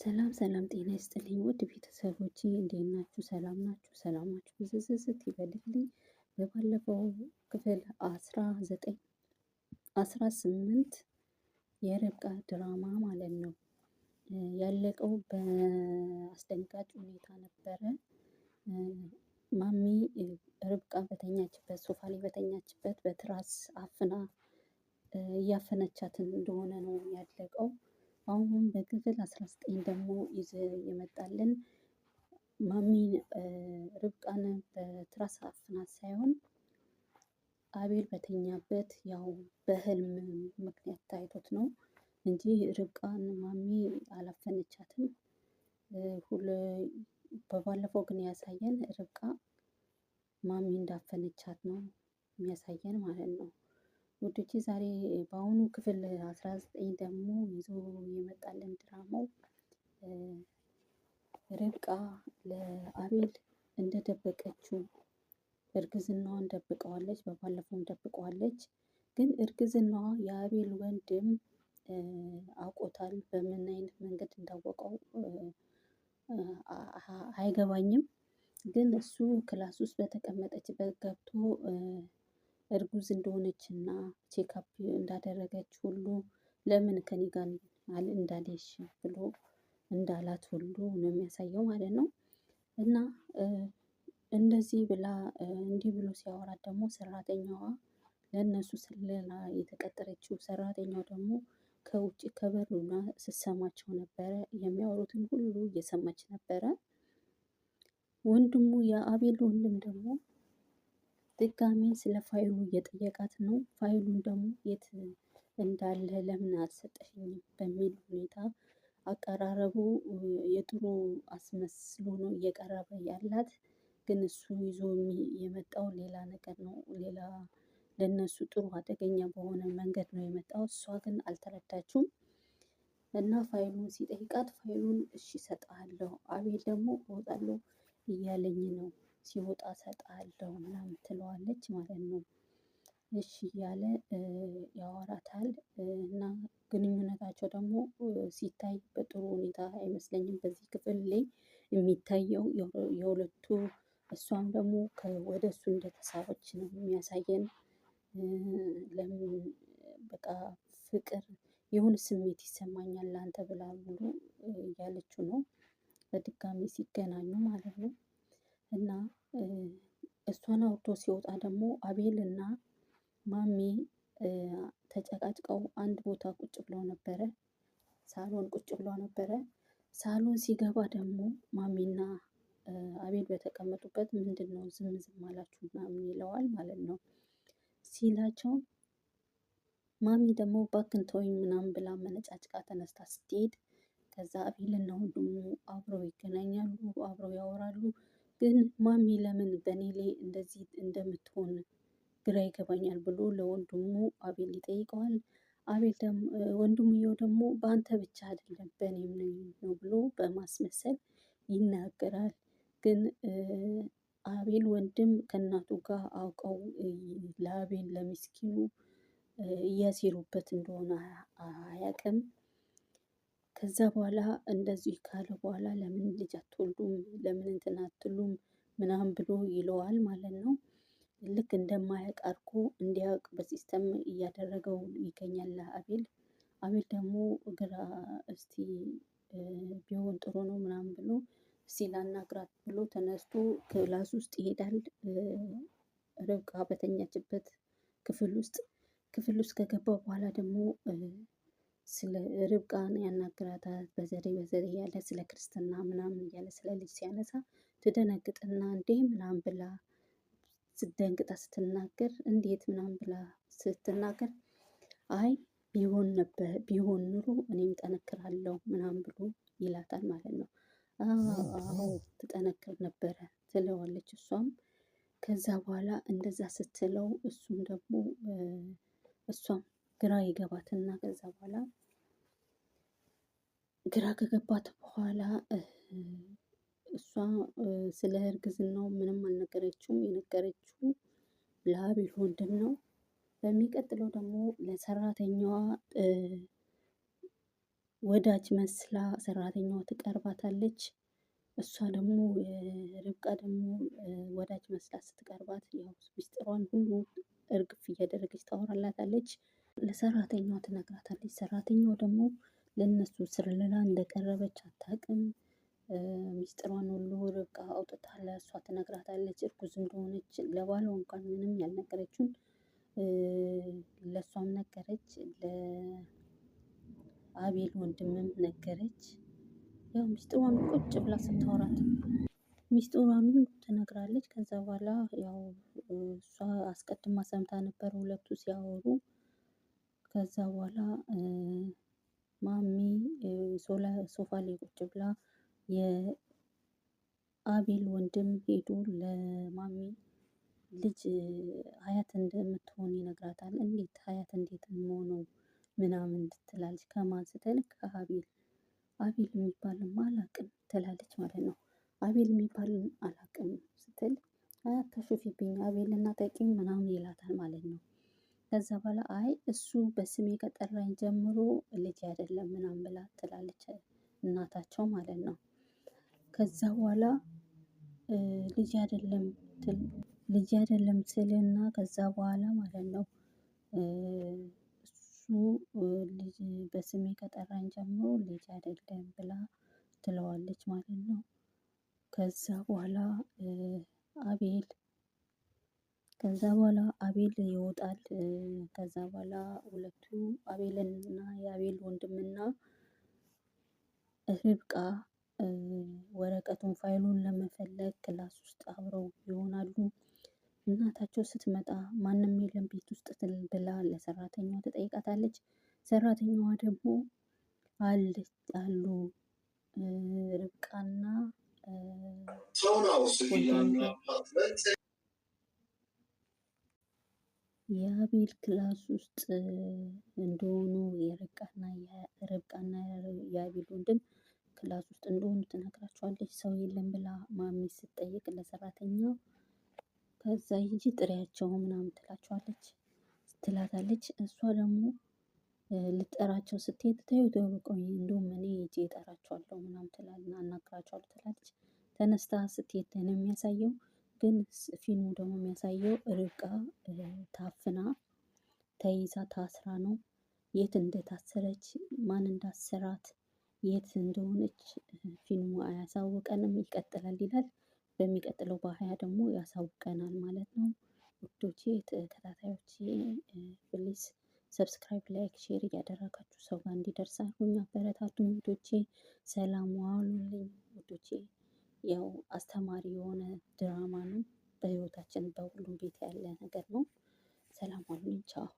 ሰላም ሰላም፣ ጤና ይስጥልኝ ውድ ቤተሰቦች እንዴት ናችሁ? ሰላም ናችሁ? ሰላማችሁ ብዝዝዝት ይበልልኝ። በባለፈው ክፍል አስራ ዘጠኝ አስራ ስምንት የርብቃ ድራማ ማለት ነው ያለቀው በአስደንጋጭ ሁኔታ ነበረ። ማሚ ርብቃ በተኛችበት ሶፋ ላይ በተኛችበት በትራስ አፍና እያፈነቻትን እንደሆነ ነው ያለቀው። አሁን በክፍል አስራ ዘጠኝ ደግሞ ይዘ የመጣልን ማሚ ርብቃን በትራስ አፍናት ሳይሆን አቤል በተኛበት ያው በህልም ምክንያት ታይቶት ነው እንጂ ርብቃን ማሚ አላፈነቻትም። በባለፈው ግን ያሳየን ርብቃ ማሚ እንዳፈነቻት ነው የሚያሳየን ማለት ነው። ውዶቼ ዛሬ በአሁኑ ክፍል 19 ደግሞ ይዞ የመጣልን ድራማው ርብቃ ለአቤል እንደደበቀችው እርግዝናዋን ደብቀዋለች፣ በባለፈውም ደብቀዋለች። ግን እርግዝናዋ የአቤል ወንድም አውቆታል። በምን አይነት መንገድ እንዳወቀው አይገባኝም። ግን እሱ ክላስ ውስጥ በተቀመጠችበት ገብቶ እርጉዝ እንደሆነች እና ቼካፕ እንዳደረገች ሁሉ ለምን ከኔ ጋር እንዳለሽ ብሎ እንዳላት ሁሉ ነው የሚያሳየው ማለት ነው። እና እንደዚህ ብላ እንዲህ ብሎ ሲያወራት ደግሞ ሰራተኛዋ ለእነሱ ስለላ የተቀጠረችው ሰራተኛው ደግሞ ከውጭ ከበሩና ስትሰማቸው ነበረ። የሚያወሩትን ሁሉ እየሰማች ነበረ። ወንድሙ የአቤል ወንድም ደግሞ ድጋሚ ስለ ፋይሉ እየጠየቃት ነው። ፋይሉን ደግሞ የት እንዳለ ለምን አልሰጠሽኝም በሚል ሁኔታ አቀራረቡ የጥሩ አስመስሎ ነው እየቀረበ ያላት። ግን እሱ ይዞ የመጣው ሌላ ነገር ነው። ሌላ ለእነሱ ጥሩ አደገኛ በሆነ መንገድ ነው የመጣው። እሷ ግን አልተረዳችውም እና ፋይሉን ሲጠይቃት ፋይሉን እሺ እሰጥሃለሁ፣ አቤል ደግሞ እወጣለሁ እያለኝ ነው ሲወጣ ሰጣለሁ ምናምን ትለዋለች ማለት ነው። እሺ እያለ ያወራታል እና ግንኙነታቸው ደግሞ ሲታይ በጥሩ ሁኔታ አይመስለኝም። በዚህ ክፍል ላይ የሚታየው የሁለቱ እሷም ደግሞ ወደ እሱ እንደተሳበች ነው የሚያሳየን። ለምን በቃ ፍቅር የሆነ ስሜት ይሰማኛል ላንተ ብላ ሁሉ እያለችው ነው። በድጋሚ ሲገናኙ ማለት ነው። እና እሷን አውርቶ ሲወጣ ደግሞ አቤል እና ማሚ ተጨቃጭቀው አንድ ቦታ ቁጭ ብለው ነበረ። ሳሎን ቁጭ ብለው ነበረ። ሳሎን ሲገባ ደግሞ ማሚና አቤል በተቀመጡበት ምንድን ነው ዝም ዝም አላችሁ ምናምን ይለዋል ማለት ነው ሲላቸው ማሚ ደግሞ ባክን ተወኝ ምናምን ብላ መነጫጭቃ ተነስታ ስትሄድ ከዛ አቤልና ወንድሙ አብረው ይገናኛሉ፣ አብረው ያወራሉ። ግን ማሚ ለምን በእኔ ላይ እንደዚህ እንደምትሆን ግራ ይገባኛል ብሎ ለወንድሙ አቤል ይጠይቀዋል። አቤል ወንድምየው ደግሞ በአንተ ብቻ አይደለም በእኔም ነው ብሎ በማስመሰል ይናገራል። ግን አቤል ወንድም ከእናቱ ጋር አውቀው ለአቤል ለምስኪኑ እያሴሩበት እንደሆነ አያውቅም። ከዛ በኋላ እንደዚህ ካለ በኋላ ለምን ልጅ አትወልዱም ለምን እንትን አትሉም ምናምን ብሎ ይለዋል ማለት ነው። ልክ እንደማያውቅ አድርጎ እንዲያውቅ በሲስተም እያደረገው ይገኛል አቤል። አቤል ደግሞ ግራ እስቲ ቢሆን ጥሩ ነው ምናምን ብሎ እስቲ ላናግራት ብሎ ተነስቶ ክላስ ውስጥ ይሄዳል። ርብቃ በተኛችበት ክፍል ውስጥ ክፍል ውስጥ ከገባ በኋላ ደግሞ ስለ ርብቃን ያናግራታል። በዘዴ በዘዴ እያለ ስለ ክርስትና ምናምን እያለ ስለ ልጅ ሲያነሳ ትደነግጥና እንዴ ምናምን ብላ ስደንግጣ ስትናገር እንዴት ምናምን ብላ ስትናገር አይ ቢሆን ነበር ቢሆን ኑሮ እኔም ጠነክራለሁ ምናምን ብሎ ይላታል ማለት ነው። አዎ ትጠነክር ነበረ ትለዋለች እሷም። ከዛ በኋላ እንደዛ ስትለው እሱም ደግሞ እሷም ግራ ይገባትና ከዛ በኋላ ግራ ከገባት በኋላ እሷ ስለ እርግዝናው ምንም አልነገረችውም። የነገረችው ለአቤል ወንድም ነው። በሚቀጥለው ደግሞ ለሰራተኛዋ ወዳጅ መስላ ሰራተኛዋ ትቀርባታለች። እሷ ደግሞ ርብቃ ደግሞ ወዳጅ መስላ ስትቀርባት ያው ሚስጥሯን ሁሉ እርግፍ እያደረገች ታወራላታለች። ለሰራተኛዋ ትነግራታለች። ሰራተኛዋ ደግሞ ለእነሱ ስርልላ እንደቀረበች አታውቅም። ሚስጥሯን ሁሉ ርብቃ አውጥታ ለእሷ ትነግራታለች። እርጉዝ እንደሆነች ለባሏ እንኳን ምንም ያልነገረችውን ለእሷም ነገረች፣ ለአቤል ወንድምም ነገረች። ያው ሚስጥሯን ቁጭ ብላ ስታወራት ሚስጥሯንም ትነግራለች። ከዛ በኋላ ያው እሷ አስቀድማ ሰምታ ነበር ሁለቱ ሲያወሩ። ከዛ በኋላ ማሚ ሶፋ ላይ ቁጭ ብላ የአቤል ወንድም ሄዶ ለማሚ ልጅ ሀያት እንደምትሆን ይነግራታል። እንዴት ሀያት እንዴት መሆነው ምናምን ትላለች። ከማን ስትል ከአቤል አቤል የሚባልም አላቅም ትላለች ማለት ነው። አቤል የሚባልን አላቅም ስትል ሀያት ተሽፊብኝ አቤልና ተቂም ምናምን ይላታል ማለት ነው። ከዛ በኋላ አይ እሱ በስሜ ከጠራኝ ጀምሮ ልጅ አይደለም ምናምን ብላ ትላለች እናታቸው ማለት ነው። ከዛ በኋላ ልጅ አይደለም ልጅ አይደለም ከዛ በኋላ ማለት ነው እሱ ልጅ በስሜ ከጠራኝ ጀምሮ ልጅ አይደለም ብላ ትለዋለች ማለት ነው። ከዛ በኋላ አቤል ከዛ በኋላ አቤል ይወጣል። ከዛ በኋላ ሁለቱ እና የአቤል ወንድምና ርብቃ ወረቀቱን ፋይሉን ለመፈለግ ክላስ ውስጥ አብረው ይሆናሉ። እናታቸው ስትመጣ ማንም የለም ቤት ውስጥ ብላ ለሰራተኛዋ ትጠይቃታለች። ሰራተኛዋ ደግሞ አል አሉ ርብቃና የአቤል ክላስ ውስጥ እንደሆኑ የረቃና የርብቃና የአቤል ወንድም ክላስ ውስጥ እንደሆኑ ትነግራቸዋለች። ሰው የለም ብላ ማሚ ስትጠይቅ ለሰራተኛ ከዛ ሂጂ ጥሪያቸው ምናምን ትላቸዋለች ትላታለች። እሷ ደግሞ ልጠራቸው ስትሄድ ተይው ተይው ቆይ እንደውም እኔ ሂጂ እጠራቸዋለሁ ምናምን ትላልና አናግራቸዋለሁ ትላለች። ተነስታ ስትሄድ ነው የሚያሳየው ግን ፊልሙ ደግሞ የሚያሳየው ርብቃ ታፍና ተይዛ ታስራ ነው። የት እንደታሰረች ማን እንዳሰራት የት እንደሆነች ፊልሙ አያሳውቀንም። ይቀጥላል ይላል። በሚቀጥለው በሀያ ደግሞ ያሳውቀናል ማለት ነው። ውዶቼ ተከታታዮቼ፣ ፕሊዝ ሰብስክራይብ፣ ላይክ፣ ሼር እያደረጋችሁ ሰው ጋር እንዲደርስ አድርጉኝ። አበረታቱኝ ውዶቼ። ሰላም ዋሉልኝ ውዶቼ። ያው አስተማሪ የሆነ ድራማ ነው። በህይወታችን በሁሉም ቤት ያለ ነገር ነው። ሰላም ሁኑልኝ። ቻው